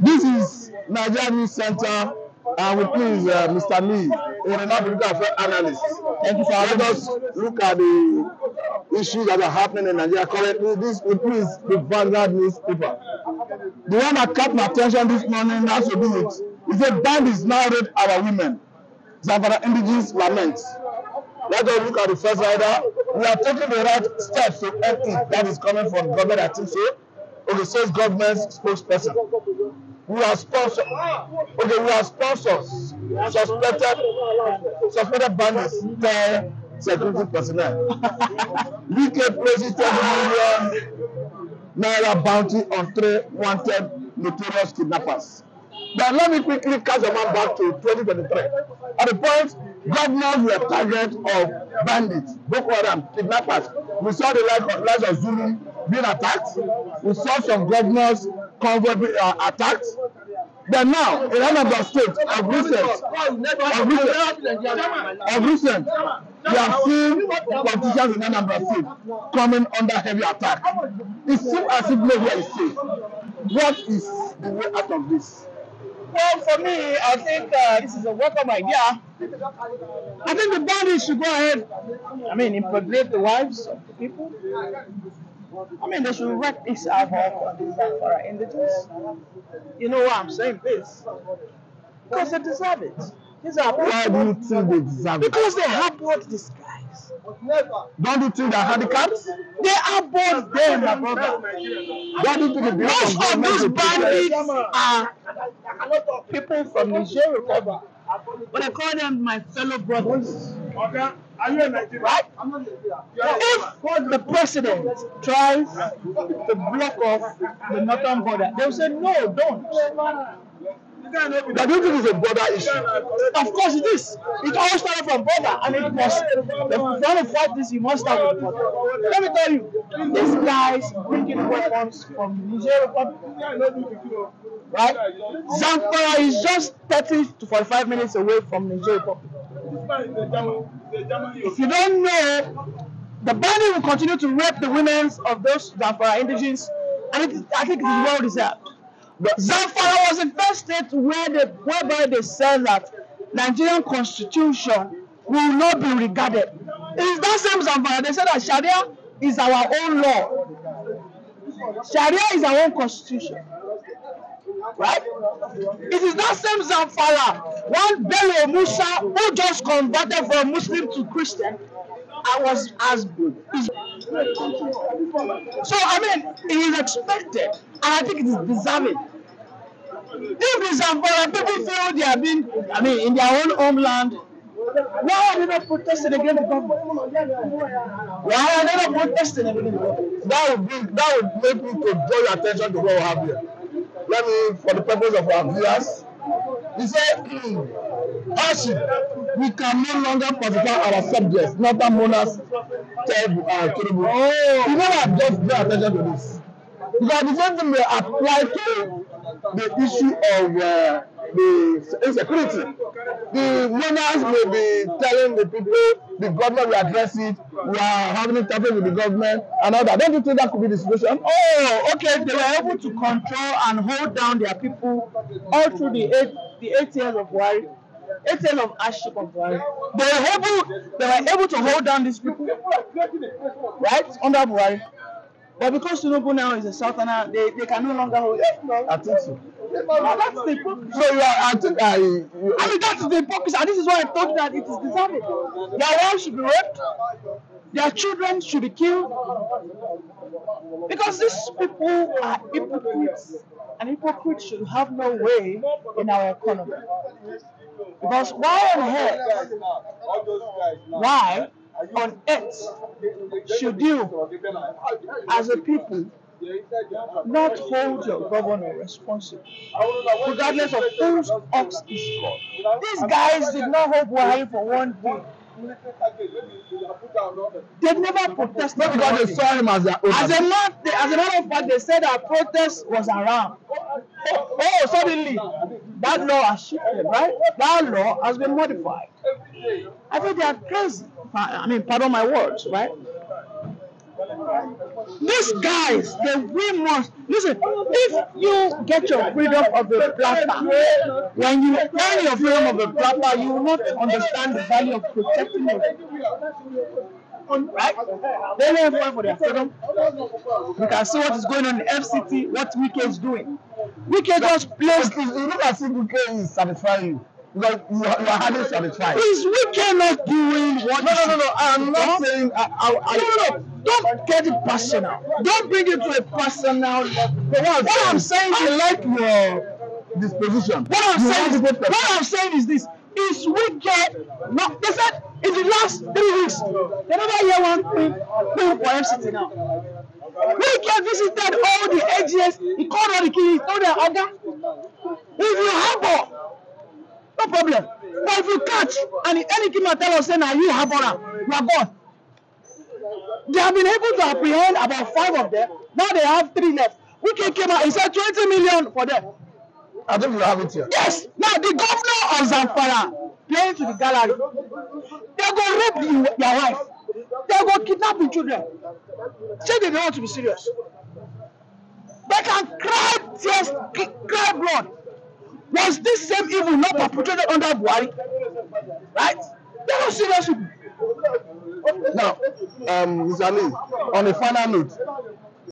This is Nigeria News Center. and we please uh, Mr. Mee, Irena Political Affairs Analyst. Thank you for having us. Look at the issues that are happening in Nigeria currently. This will please the Vanguard newspaper. The one that caught my attention this morning has to do it, is a band is now rape our women. Zavara indigenous laments. Let us look at the first rider. We are taking the right steps to end it. That is coming from government, I think so of the state government spokesperson. We are sponsors. Okay, we are sponsors. Suspected, suspected bandits, ten security personnel. UK places 10 million naira bounty on three wanted notorious kidnappers. Now let me quickly cast your mind back to 2023. At the point, governors were target of bandits, Boko Haram, kidnappers. We saw the life of, lives of Zulu being attacked. We saw some governors convoy uh, attacked. But now, in another State, of recent, of recent, of recent, we have seen politicians in another State coming under heavy attack. It seems as if nowhere is safe. What is the way out of this? Well, for me, I think uh, this is a welcome idea. I think the body should go ahead. I mean, impregnate the wives of the people. I mean, they should wreck this alcohol for this for our indigenous. You know why I'm saying this? Because they deserve it. These are why do you think they deserve it? Because they have bought this Christ. Don't you think they're handicapped? They are both them, my brother. Don't you think Most of these bandits are people from Nigeria, but I call them my fellow brothers. Are you a Nigerian? Right? I'm not Nigerian. If the president tries to block off the northern border, they will say, no, don't. But do not think it's a border issue? Of course it is. It all started from border, and it must. If you want to fight this, you must start with border. Let me tell you, these guys bringing weapons from Nigeria. right? Zamfara is just 30 to 45 minutes away from Nigeria. If you don't know, the burning will continue to rape the women of those that are indigenous, and it, I think it is well deserved. Zamfara was the first state where they, whereby they said that Nigerian constitution will not be regarded. It is that same Zamfara. They said that Sharia is our own law. Sharia is our own constitution right? It is that same Zamfara, one Bello Musa who just converted from Muslim to Christian, I was as good. So, I mean, it is expected, and I think it is deserving. If the Zamfara people feel they are being, I mean, in their own homeland, why are they not protesting against the government? Why are they not protesting against the government? That would, be, that would make me to draw your attention to what will happen here let me, for the purpose of our viewers, he said, Ashi, hmm, we can no longer pacify our subjects. Northern monarchs tell uh, Tinubu. Oh. You know, I just draw attention to this. Because the same thing may apply to the issue of uh, the insecurity. The leaders may be telling the people, the government will address it, we are having it happen with the government and all that. Don't you think that could be the situation? Oh, okay. They were able to control and hold down their people all through the eight, the eight years of war, Eight years of hardship of war. They were able, they were able to hold down these people, right, under war. But because Tinubu now is a southerner, they, they can no longer hold. It. I think so. No, that's the hypocrisy. So you are, I think I. You, I mean, that's the hypocrisy, and this is why I told you that it is deserving. Their wives should be raped. Their children should be killed. Because these people are hypocrites, and hypocrites should have no way in our economy. Because why on earth? Why on earth should you, as a people, not hold your governor responsible, regardless of whose ox is God. These guys did not hold Buhari for one day. They've never protested. Not because they saw him as a As a, matter, as a matter of fact, they said our protest was around. Oh, oh, suddenly, that law has shifted, right? That law has been modified. I think they are crazy. I mean, pardon my words, right? These guys, the we must listen. If you get your freedom of the platter, when you earn your freedom of the platter, you will not understand the value of protecting it. Right? They will fight for their freedom. We can see what is going on in FCT, what Wike is doing. Wike just plays. Look at as Wike is satisfying you like you are, you are hardly satisfied. Is Wike not doing what? No, no, no, no. I'm not saying. I, I, I, no, no, no. Don't get it personal. Don't bring it to a personal level. What, what I'm saying, is like your disposition. What I'm you saying, is, what I'm saying is this: is Wike not? They said in the last three weeks they never hear one thing. for MCT now. Wike visited all the AGS. He called all the kids. He told their order. If you have no problem but if you catch and any kima tell us say na you harbor am are gone. they have been able to apprehend about five of them now they have three left wike came out he said twenty million for them. I don't even have it here. Yes. Now the governor of Zamfara playing to the gallery. They go rape you, your wife. They go kidnap your children. Say they don't want to be serious. They can cry tears, cry blood was this same evil not perpetrated under Buhari? Right? That was serious Now, um, Mr. Ali, on a final note,